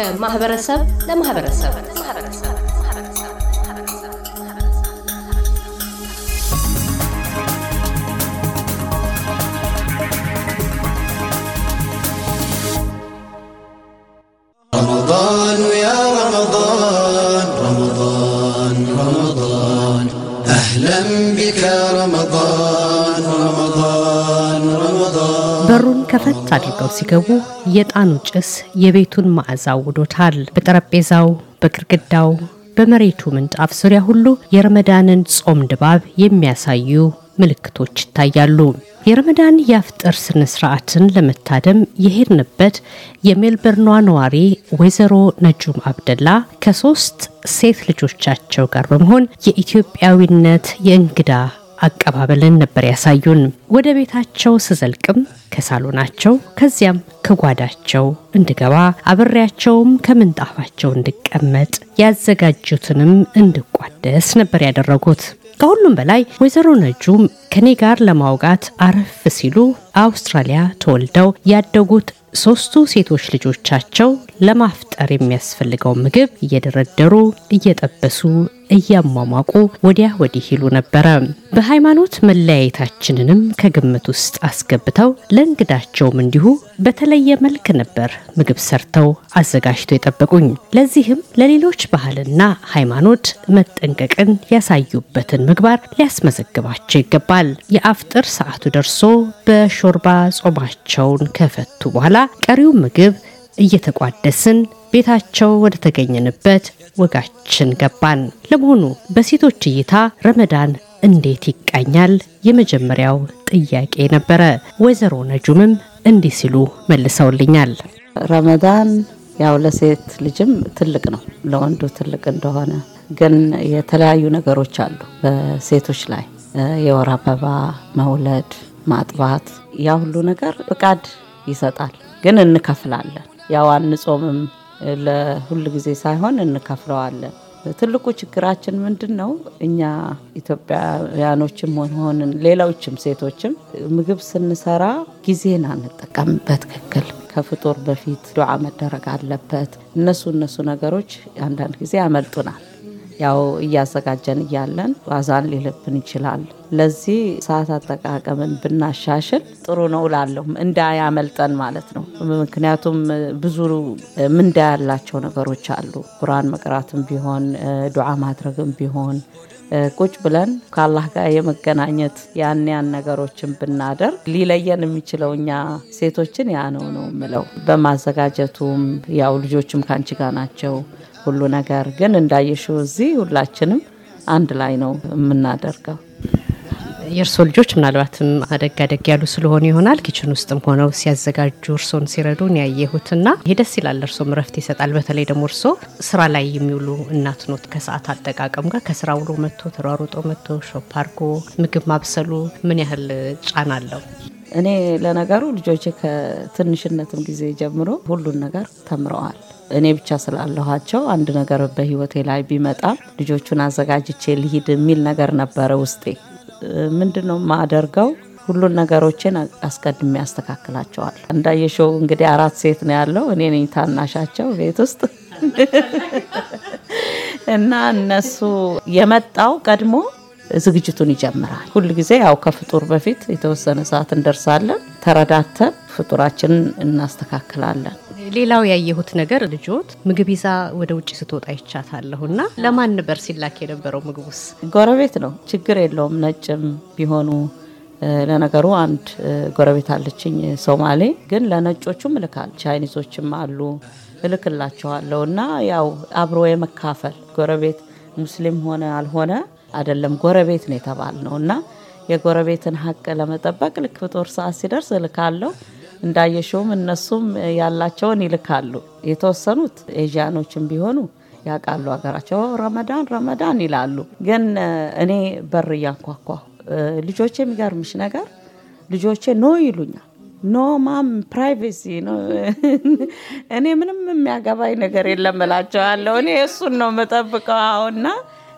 ከማህበረሰብ ለማህበረሰብ رمضان يا رمضان رمضان رمضان በሩን ከፈት አድርገው ሲገቡ የጣኑ ጭስ የቤቱን ማዕዛ አውዶታል። በጠረጴዛው፣ በግድግዳው፣ በመሬቱ ምንጣፍ ዙሪያ ሁሉ የረመዳንን ጾም ድባብ የሚያሳዩ ምልክቶች ይታያሉ። የረመዳን የአፍጥር ስነ ስርዓትን ለመታደም የሄድንበት የሜልበርኗ ነዋሪ ወይዘሮ ነጁም አብደላ ከሶስት ሴት ልጆቻቸው ጋር በመሆን የኢትዮጵያዊነት የእንግዳ አቀባበልን ነበር ያሳዩን። ወደ ቤታቸው ስዘልቅም ከሳሎናቸው ከዚያም ከጓዳቸው እንድገባ አብሬያቸውም ከምንጣፋቸው እንድቀመጥ ያዘጋጁትንም እንድቋደስ ነበር ያደረጉት። ከሁሉም በላይ ወይዘሮ ነጁም ከኔ ጋር ለማውጋት አረፍ ሲሉ አውስትራሊያ ተወልደው ያደጉት ሶስቱ ሴቶች ልጆቻቸው ለማፍጠር የሚያስፈልገው ምግብ እየደረደሩ እየጠበሱ እያሟሟቁ ወዲያ ወዲህ ይሉ ነበረ። በሃይማኖት መለያየታችንንም ከግምት ውስጥ አስገብተው ለእንግዳቸውም እንዲሁ በተለየ መልክ ነበር ምግብ ሰርተው አዘጋጅተው የጠበቁኝ። ለዚህም ለሌሎች ባህልና ሃይማኖት መጠንቀቅን ያሳዩበትን ምግባር ሊያስመዘግባቸው ይገባል። የአፍጥር ሰዓቱ ደርሶ በሾርባ ጾማቸውን ከፈቱ በኋላ ቀሪው ምግብ እየተቋደስን ቤታቸው ወደ ተገኘንበት ወጋችን ገባን። ለመሆኑ በሴቶች እይታ ረመዳን እንዴት ይቃኛል? የመጀመሪያው ጥያቄ ነበረ። ወይዘሮ ነጁምም እንዲህ ሲሉ መልሰውልኛል። ረመዳን ያው ለሴት ልጅም ትልቅ ነው፣ ለወንዱ ትልቅ እንደሆነ ግን የተለያዩ ነገሮች አሉ በሴቶች ላይ የወር አበባ መውለድ፣ ማጥባት፣ ያ ሁሉ ነገር ፍቃድ ይሰጣል። ግን እንከፍላለን። ያው አንጾምም ለሁል ጊዜ ሳይሆን እንከፍለዋለን። ትልቁ ችግራችን ምንድን ነው? እኛ ኢትዮጵያውያኖችም ሆንን ሌሎችም ሴቶችም ምግብ ስንሰራ ጊዜን አንጠቀምበት በትክክል። ከፍጡር በፊት ዱዓ መደረግ አለበት። እነሱ እነሱ ነገሮች አንዳንድ ጊዜ ያመልጡናል። ያው እያዘጋጀን እያለን ዋዛን ሊልብን ይችላል። ለዚህ ሰዓት አጠቃቀምን ብናሻሽል ጥሩ ነው እላለሁ፣ እንዳያመልጠን ማለት ነው። ምክንያቱም ብዙ ምንዳ ያላቸው ነገሮች አሉ። ቁርአን መቅራትም ቢሆን ዱዓ ማድረግም ቢሆን ቁጭ ብለን ከአላህ ጋር የመገናኘት ያን ያን ነገሮችን ብናደርግ ሊለየን የሚችለው እኛ ሴቶችን ያ ነው ነው የምለው። በማዘጋጀቱም ያው ልጆችም ከአንቺ ጋር ናቸው ሁሉ ነገር ግን እንዳየሽው እዚህ ሁላችንም አንድ ላይ ነው የምናደርገው። የእርሶ ልጆች ምናልባትም አደግ አደግ ያሉ ስለሆኑ ይሆናል ኪችን ውስጥም ሆነው ሲያዘጋጁ እርሶን ሲረዱን ያየሁትና ይሄ ደስ ይላል። እርሶም ረፍት ይሰጣል። በተለይ ደግሞ እርሶ ስራ ላይ የሚውሉ እናት ኖት። ከሰዓት አጠቃቀም ጋር ከስራ ውሎ መጥቶ ተሯሩጦ መጥቶ ሾፕ አድርጎ ምግብ ማብሰሉ ምን ያህል ጫና አለው? እኔ ለነገሩ ልጆቼ ከትንሽነትም ጊዜ ጀምሮ ሁሉን ነገር ተምረዋል። እኔ ብቻ ስላለኋቸው አንድ ነገር በህይወቴ ላይ ቢመጣም ልጆቹን አዘጋጅቼ ልሂድ የሚል ነገር ነበረ ውስጤ። ምንድነው የማደርገው ማደርገው? ሁሉን ነገሮችን አስቀድሜ ያስተካክላቸዋል። እንዳየሽው እንግዲህ አራት ሴት ነው ያለው። እኔ ነኝ ታናሻቸው ቤት ውስጥ እና እነሱ የመጣው ቀድሞ ዝግጅቱን ይጀምራል። ሁል ጊዜ ያው ከፍጡር በፊት የተወሰነ ሰዓት እንደርሳለን። ተረዳተን ፍጡራችንን እናስተካክላለን። ሌላው ያየሁት ነገር ልጆት ምግብ ይዛ ወደ ውጭ ስትወጣ ይቻታለሁ እና ለማን ነበር ሲላክ የነበረው? ምግቡስ ጎረቤት ነው፣ ችግር የለውም። ነጭም ቢሆኑ ለነገሩ አንድ ጎረቤት አለችኝ ሶማሌ፣ ግን ለነጮቹም እልካል ቻይኒዞችም አሉ እልክላቸዋለሁ እና ያው አብሮ የመካፈል ጎረቤት ሙስሊም ሆነ አልሆነ አይደለም ጎረቤት ነው ነው እና የጎረቤትን ሀቅ ለመጠበቅ ልክ በጦር ሰዓት ሲደርስ እልካለሁ። እንዳየሽውም እነሱም ያላቸውን ይልካሉ። የተወሰኑት ኤዥያኖችም ቢሆኑ ያውቃሉ ሀገራቸው። ረመዳን ረመዳን ይላሉ። ግን እኔ በር እያንኳኳ ልጆቼ፣ የሚገርምሽ ነገር ልጆቼ ኖ ይሉኛል። ኖ ማም ፕራይቬሲ ነው። እኔ ምንም የሚያገባኝ ነገር የለም እላቸዋለሁ። እኔ እሱን ነው የምጠብቀው አሁና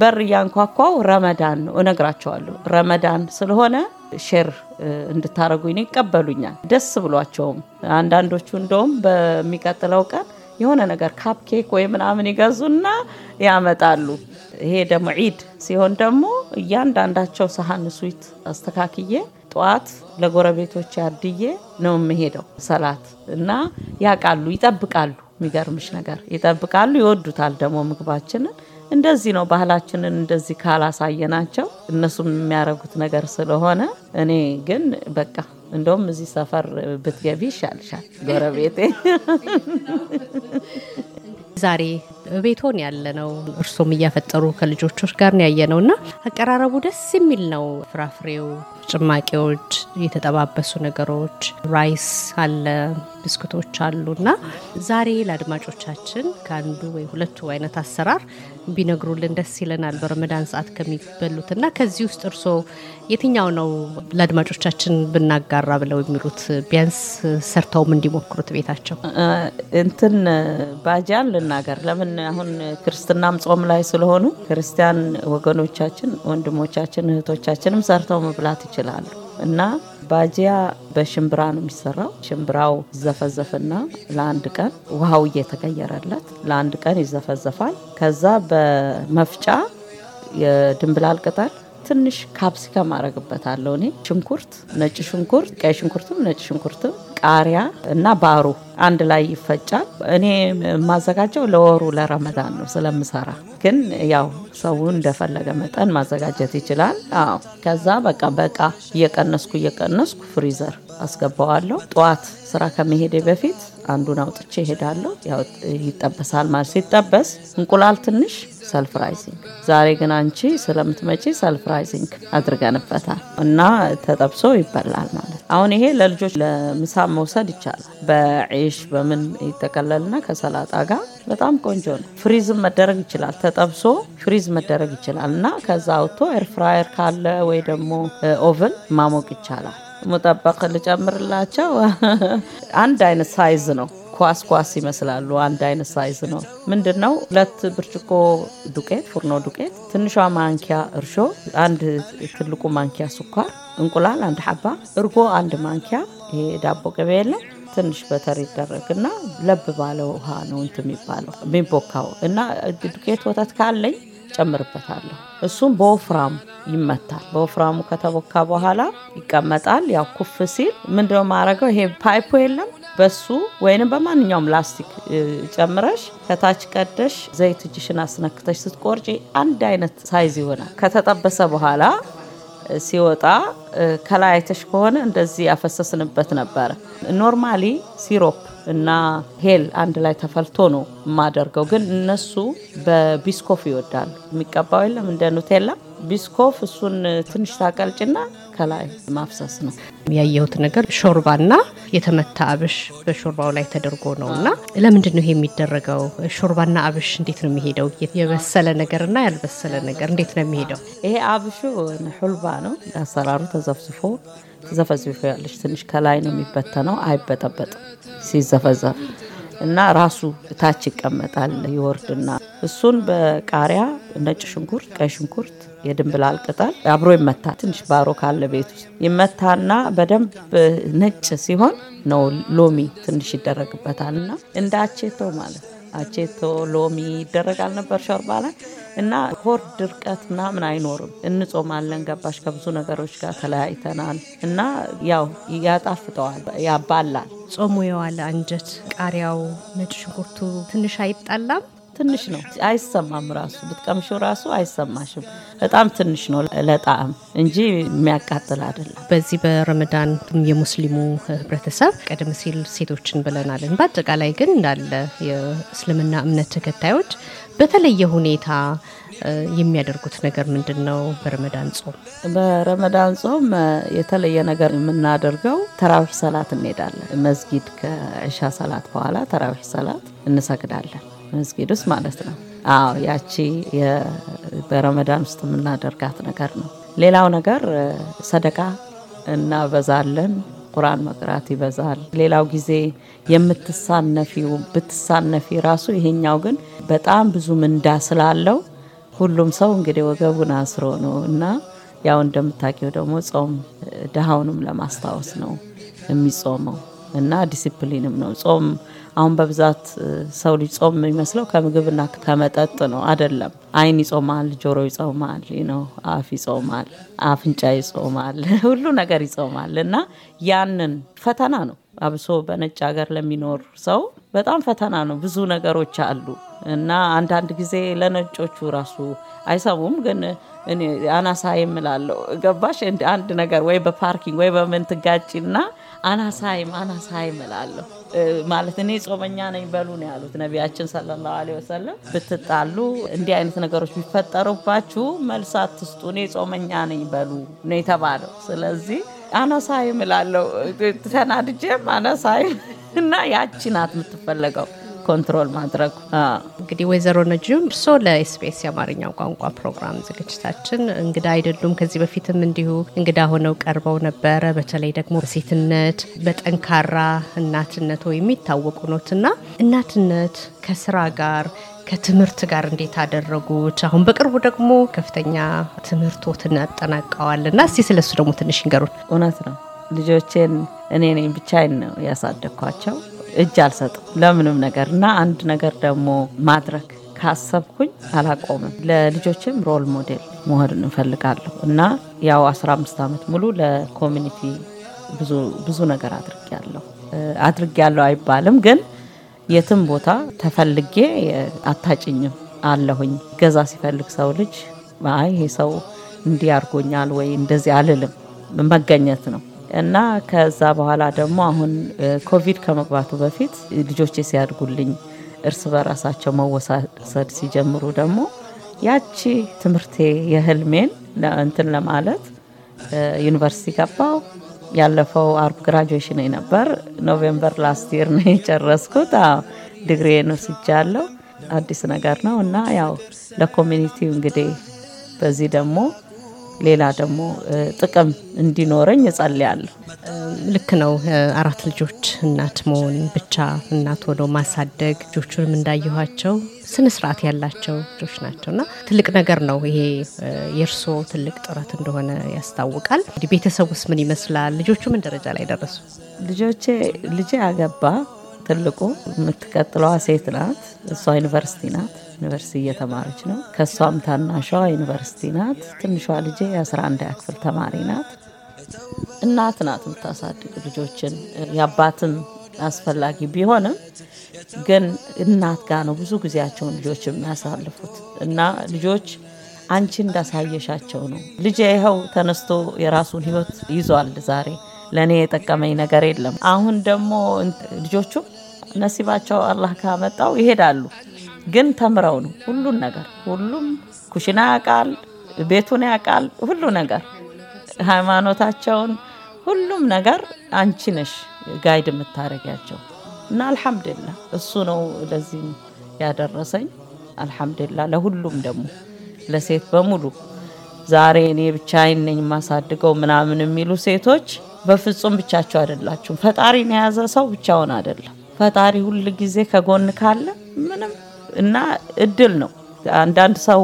በር እያንኳኳው ረመዳን ነው እነግራቸዋለሁ። ረመዳን ስለሆነ ሼር እንድታረጉኝ ነው። ይቀበሉኛል፣ ደስ ብሏቸውም። አንዳንዶቹ እንደውም በሚቀጥለው ቀን የሆነ ነገር ካፕኬክ ወይ ምናምን ይገዙና ያመጣሉ። ይሄ ደግሞ ዒድ ሲሆን ደግሞ እያንዳንዳቸው ሰሀን ስዊት አስተካክዬ ጠዋት ለጎረቤቶች ያድዬ ነው የምሄደው ሰላት እና ያውቃሉ፣ ይጠብቃሉ። የሚገርምሽ ነገር ይጠብቃሉ፣ ይወዱታል ደግሞ ምግባችንን እንደዚህ ነው ባህላችንን እንደዚህ ካላሳየናቸው እነሱም የሚያደርጉት ነገር ስለሆነ እኔ ግን በቃ እንደውም እዚህ ሰፈር ብትገቢ ይሻልሻል ጎረቤቴ። ዛሬ ቤቶን ያለ ነው። እርሶም እያፈጠሩ ከልጆች ጋር ያየ ነው እና አቀራረቡ ደስ የሚል ነው። ፍራፍሬው ጭማቂዎች፣ የተጠባበሱ ነገሮች፣ ራይስ አለ፣ ብስኩቶች አሉ እና ዛሬ ለአድማጮቻችን ከአንዱ ወይ ሁለቱ አይነት አሰራር ቢነግሩልን ደስ ይለናል። በረመዳን ሰዓት ከሚበሉትና ከዚህ ውስጥ እርስዎ የትኛው ነው ለአድማጮቻችን ብናጋራ ብለው የሚሉት ቢያንስ ሰርተውም እንዲሞክሩት ቤታቸው? እንትን ባጃን ልናገር። ለምን አሁን ክርስትናም ጾም ላይ ስለሆኑ ክርስቲያን ወገኖቻችን፣ ወንድሞቻችን፣ እህቶቻችንም ሰርተው መብላት ይችላሉ እና ባጂያ በሽምብራ ነው የሚሰራው። ሽምብራው ይዘፈዘፍና ለአንድ ቀን ውሃው እየተቀየረለት ለአንድ ቀን ይዘፈዘፋል። ከዛ በመፍጫ የድንብላል ቅጠል ትንሽ ካፕሲከም አረግበታለሁ እኔ ሽንኩርት፣ ነጭ ሽንኩርት፣ ቀይ ሽንኩርትም ነጭ ሽንኩርትም፣ ቃሪያ እና ባሩ አንድ ላይ ይፈጫል። እኔ የማዘጋጀው ለወሩ ለረመዳን ነው ስለምሰራ፣ ግን ያው ሰው እንደፈለገ መጠን ማዘጋጀት ይችላል። አዎ ከዛ በቃ በቃ እየቀነስኩ እየቀነስኩ ፍሪዘር አስገባዋለሁ። ጠዋት ስራ ከመሄዴ በፊት አንዱን አውጥቼ ይሄዳለሁ። ያው ይጠበሳል ማለት ሲጠበስ እንቁላል ትንሽ ሰልፍ ዛሬ ግን አንቺ ስለምትመጪ ሰልፍራይዚንግ ራይዚንግ አድርገንበታል እና ተጠብሶ ይበላል ማለት አሁን ይሄ ለልጆች ለምሳ መውሰድ ይቻላል። በዒሽ በምን ይጠቀለልና ከሰላጣ ጋር በጣም ቆንጆ ነው። ፍሪዝም መደረግ ይችላል። ተጠብሶ ፍሪዝ መደረግ ይችላል እና ከዛ አውጥቶ ኤርፍራየር ካለ ወይ ደግሞ ኦቭን ማሞቅ ይቻላል። ሙጠበቅ ልጨምርላቸው። አንድ አይነት ሳይዝ ነው። ኳስ ኳስ ይመስላሉ። አንድ አይነት ሳይዝ ነው። ምንድን ነው ሁለት ብርጭቆ ዱቄት፣ ፉርኖ ዱቄት፣ ትንሿ ማንኪያ እርሾ፣ አንድ ትልቁ ማንኪያ ስኳር፣ እንቁላል አንድ ሀባ እርጎ አንድ ማንኪያ። ይሄ ዳቦ ቅቤ የለም ትንሽ በተር ይደረግና ለብ ባለ ውሃ ነው እንትን የሚባለው የሚቦካው እና ዱቄት ወተት ካለኝ ጨምርበታለሁ። እሱም በወፍራሙ ይመታል። በወፍራሙ ከተቦካ በኋላ ይቀመጣል። ያው ኩፍ ሲል ምንድነው ማድረገው? ይሄ ፓይፑ የለም በሱ ወይንም በማንኛውም ላስቲክ ጨምረሽ ከታች ቀደሽ ዘይት እጅሽን አስነክተሽ ስትቆርጪ አንድ አይነት ሳይዝ ይሆናል። ከተጠበሰ በኋላ ሲወጣ ከላይ አይተሽ ከሆነ እንደዚህ ያፈሰስንበት ነበረ። ኖርማሊ ሲሮፕ እና ሄል አንድ ላይ ተፈልቶ ነው የማደርገው፣ ግን እነሱ በቢስኮፍ ይወዳሉ። የሚቀባው የለም እንደ ኑቴላ ቢስኮፍ እሱን ትንሽ ታቀልጭና ከላይ ማፍሰስ ነው። ያየሁት ነገር ሾርባና የተመታ አብሽ በሾርባው ላይ ተደርጎ ነው እና ለምንድን ነው ይሄ የሚደረገው? ሾርባና አብሽ እንዴት ነው የሚሄደው? የበሰለ ነገርና ያልበሰለ ነገር እንዴት ነው የሚሄደው? ይሄ አብሹ ሑልባ ነው አሰራሩ። ተዘፍዝፎ ዘፈዝፎ ያለች ትንሽ ከላይ ነው የሚበተነው፣ አይበጠበጥም ሲዘፈዘፍ እና ራሱ ታች ይቀመጣል ይወርድና እሱን በቃሪያ ነጭ ሽንኩርት፣ ቀይ ሽንኩርት የድንብላል ቅጠል አብሮ ይመታ። ትንሽ ባሮ ካለ ቤት ውስጥ ይመታና በደንብ ነጭ ሲሆን ነው ሎሚ ትንሽ ይደረግበታል እና እንደ አቼቶ ማለት አቼቶ ሎሚ ይደረጋል ነበር ሾርባ ላይ እና ሆር ድርቀት ምናምን አይኖርም። እንጾማለን ገባሽ። ከብዙ ነገሮች ጋር ተለያይተናል እና ያው ያጣፍጠዋል፣ ያባላል። ጾሙ የዋለ አንጀት ቃሪያው፣ ነጭ ሽንኩርቱ ትንሽ አይጣላም ትንሽ ነው፣ አይሰማም። ራሱ ብትቀምሾ ራሱ አይሰማሽም። በጣም ትንሽ ነው ለጣዕም እንጂ የሚያቃጥል አይደለም። በዚህ በረመዳን የሙስሊሙ ህብረተሰብ ቀደም ሲል ሴቶችን ብለናልን። በአጠቃላይ ግን እንዳለ የእስልምና እምነት ተከታዮች በተለየ ሁኔታ የሚያደርጉት ነገር ምንድን ነው? በረመዳን ጾም በረመዳን ጾም የተለየ ነገር የምናደርገው ተራዊህ ሰላት እንሄዳለን መስጊድ ከእሻ ሰላት በኋላ ተራዊህ ሰላት እንሰግዳለን። መስጊድ ውስጥ ማለት ነው። አዎ ያቺ በረመዳን ውስጥ የምናደርጋት ነገር ነው። ሌላው ነገር ሰደቃ እናበዛለን። ቁርአን መቅራት ይበዛል። ሌላው ጊዜ የምትሳነፊው ብትሳነፊ ራሱ ይሄኛው ግን በጣም ብዙ ምንዳ ስላለው ሁሉም ሰው እንግዲህ ወገቡን አስሮ ነው እና ያው እንደምታውቂው ደግሞ ጾም ድሃውንም ለማስታወስ ነው የሚጾመው እና ዲሲፕሊንም ነው ጾም አሁን በብዛት ሰው ሊጾም የሚመስለው ከምግብና ከመጠጥ ነው። አይደለም። አይን ይጾማል፣ ጆሮ ይጾማል፣ ነው አፍ ይጾማል፣ አፍንጫ ይጾማል፣ ሁሉ ነገር ይጾማል። እና ያንን ፈተና ነው አብሶ በነጭ ሀገር ለሚኖር ሰው በጣም ፈተና ነው። ብዙ ነገሮች አሉ እና አንዳንድ ጊዜ ለነጮቹ ራሱ አይሰሙም፣ ግን አናሳ የምላለው ገባሽ አንድ ነገር ወይ በፓርኪንግ ወይ በምን ትጋጭና አናሳይም አናሳይም እላለሁ። ማለት እኔ ጾመኛ ነኝ በሉ ነው ያሉት ነቢያችን ሰለላሁ ዐለይሂ ወሰለም። ብትጣሉ እንዲህ አይነት ነገሮች ቢፈጠሩባችሁ መልስ አትስጡ፣ እኔ ጾመኛ ነኝ በሉ ነው የተባለው። ስለዚህ አናሳይም እላለሁ ተናድጄም አናሳይም እና ያቺ ናት የምትፈለገው። ኮንትሮል ማድረጉ። እንግዲህ ወይዘሮ ነጂም እርሶ ለኤስቢኤስ የአማርኛ ቋንቋ ፕሮግራም ዝግጅታችን እንግዳ አይደሉም። ከዚህ በፊትም እንዲሁ እንግዳ ሆነው ቀርበው ነበረ። በተለይ ደግሞ በሴትነት በጠንካራ እናትነት የሚታወቁ ኖት ኖትና እናትነት ከስራ ጋር ከትምህርት ጋር እንዴት አደረጉት? አሁን በቅርቡ ደግሞ ከፍተኛ ትምህርቶትን ያጠናቀዋል እና እስቲ ስለሱ ደግሞ ትንሽ ንገሩን። እውነት ነው ልጆቼን እኔ ነኝ ብቻዬን ነው ያሳደግኳቸው። እጅ አልሰጥም ለምንም ነገር እና አንድ ነገር ደግሞ ማድረግ ካሰብኩኝ አላቆምም። ለልጆችም ሮል ሞዴል መሆን እንፈልጋለሁ እና ያው 15 ዓመት ሙሉ ለኮሚኒቲ ብዙ ነገር አድርጊያለሁ። አድርጊያለሁ አይባልም ግን የትም ቦታ ተፈልጌ አታጭኝም አለሁኝ። ገዛ ሲፈልግ ሰው ልጅ አይ ይሄ ሰው እንዲህ አድርጎኛል ወይ እንደዚህ አልልም፣ መገኘት ነው። እና ከዛ በኋላ ደግሞ አሁን ኮቪድ ከመግባቱ በፊት ልጆቼ ሲያድጉልኝ እርስ በራሳቸው መወሳሰድ ሲጀምሩ ደግሞ ያቺ ትምህርቴ የህልሜን እንትን ለማለት ዩኒቨርሲቲ ገባው። ያለፈው አርብ ግራጁዌሽን ነበር። ኖቬምበር ላስት ይር ነው የጨረስኩት። ዲግሪዬን ወስጃለሁ። አዲስ ነገር ነው እና ያው ለኮሚኒቲው እንግዲህ በዚህ ደግሞ ሌላ ደግሞ ጥቅም እንዲኖረኝ እጸልያለሁ። ልክ ነው። አራት ልጆች እናት መሆን ብቻ እናት ሆኖ ማሳደግ ልጆቹንም እንዳየኋቸው ስነ ስርዓት ያላቸው ልጆች ናቸው እና ትልቅ ነገር ነው ይሄ የእርስዎ ትልቅ ጥረት እንደሆነ ያስታውቃል። እንግዲህ ውስጥ ምን ይመስላል? ልጆቹ ምን ደረጃ ላይ ደረሱ? ልጆቼ ልጄ አገባ። ትልቁ የምትቀጥለዋ ሴት ናት። እሷ ዩኒቨርሲቲ ናት። ዩኒቨርሲቲ እየተማረች ነው። ከእሷም ታናሿ ዩኒቨርሲቲ ናት። ትንሿ ልጄ የ11 ክፍል ተማሪ ናት። እናት ናት የምታሳድግ ልጆችን የአባትም አስፈላጊ ቢሆንም ግን እናት ጋር ነው ብዙ ጊዜያቸውን ልጆች የሚያሳልፉት እና ልጆች አንቺ እንዳሳየሻቸው ነው። ልጄ ይኸው ተነስቶ የራሱን ህይወት ይዟል። ዛሬ ለእኔ የጠቀመኝ ነገር የለም። አሁን ደግሞ ልጆቹ ነሲባቸው አላህ ካመጣው ይሄዳሉ። ግን ተምረው ነው ሁሉን ነገር። ሁሉም ኩሽና ያውቃል፣ ቤቱን ያውቃል፣ ሁሉ ነገር ሃይማኖታቸውን፣ ሁሉም ነገር አንቺ ነሽ ጋይድ የምታደርጊያቸው እና አልሐምድላ እሱ ነው ለዚህ ያደረሰኝ። አልሐምድላ ለሁሉም ደግሞ ለሴት በሙሉ ዛሬ እኔ ብቻዬን ነኝ የማሳድገው ምናምን የሚሉ ሴቶች በፍጹም ብቻቸው አይደላችሁም። ፈጣሪን የያዘ ሰው ብቻውን አይደለም። ፈጣሪ ሁል ጊዜ ከጎን ካለ ምንም እና እድል ነው። አንዳንድ ሰው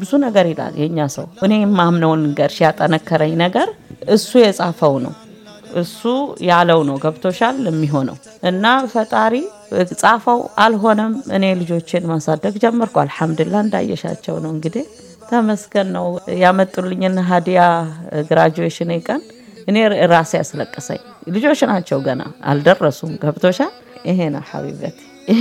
ብዙ ነገር ይላል። የኛ ሰው እኔ የማምነውን ነገር ያጠነከረኝ ነገር እሱ የጻፈው ነው እሱ ያለው ነው። ገብቶሻል የሚሆነው እና ፈጣሪ ጻፈው አልሆነም። እኔ ልጆችን ማሳደግ ጀመርኩ። አልሐምድላ እንዳየሻቸው ነው እንግዲህ ተመስገን ነው ያመጡልኝን ሀዲያ ግራጁዌሽን ቀን እኔ ራሴ ያስለቀሰኝ ልጆች ናቸው ገና አልደረሱም። ገብቶሻል ይሄ ነው ሀቢበት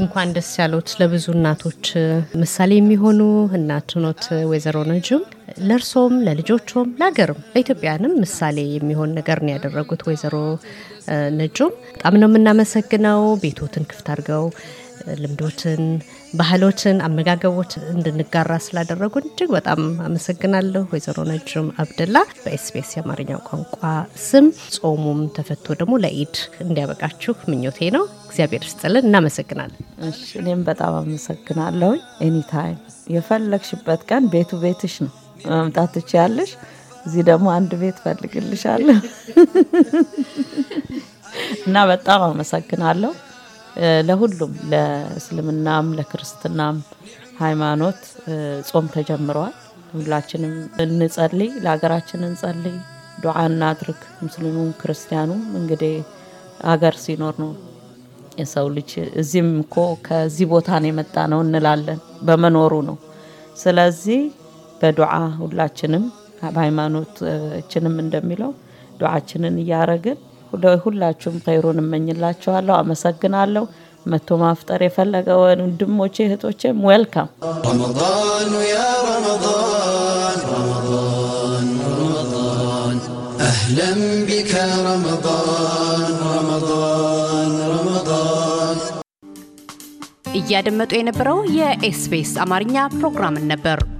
እንኳን ደስ ያሉት። ለብዙ እናቶች ምሳሌ የሚሆኑ እናት ኖት ወይዘሮ ነጁም። ለእርሶም፣ ለልጆቹም፣ ለሀገርም ለኢትዮጵያንም ምሳሌ የሚሆን ነገር ነው ያደረጉት ወይዘሮ ነጁም። በጣም ነው የምናመሰግነው ቤቶትን ክፍት አድርገው ልምዶትን ባህሎችን፣ አመጋገቦች እንድንጋራ ስላደረጉን እጅግ በጣም አመሰግናለሁ። ወይዘሮ ነጅም አብደላ በኤስቢኤስ የአማርኛ ቋንቋ ስም ጾሙም ተፈቶ ደግሞ ለኢድ እንዲያበቃችሁ ምኞቴ ነው። እግዚአብሔር ስጥልን። እናመሰግናለን። እኔም በጣም አመሰግናለሁ። ኤኒታይም የፈለግሽበት ቀን ቤቱ ቤትሽ ነው፣ መምጣት ትችያለሽ። እዚህ ደግሞ አንድ ቤት ፈልግልሻለሁ እና በጣም አመሰግናለሁ። ለሁሉም ለእስልምናም ለክርስትናም ሃይማኖት ጾም ተጀምረዋል። ሁላችንም እንጸልይ፣ ለሀገራችን እንጸልይ፣ ዱዓ እናድርግ። ሙስሊሙም ክርስቲያኑም እንግዲህ አገር ሲኖር ነው የሰው ልጅ እዚህም እኮ ከዚህ ቦታ ነው የመጣ ነው እንላለን በመኖሩ ነው። ስለዚህ በዱዓ ሁላችንም በሃይማኖታችንም እንደሚለው ዱዓችንን እያረግን ሁላችሁም ኸይሩን እመኝላችኋለሁ። አመሰግናለሁ። መቶ ማፍጠር የፈለገ ወንድሞቼ እህቶቼም ዌልካም ረመዳን ያ ረመዳን ረመዳን ረመዳን አህለን ቢከ ረመዳን ረመዳን ረመዳን። እያደመጡ የነበረው የኤስቢኤስ አማርኛ ፕሮግራምን ነበር።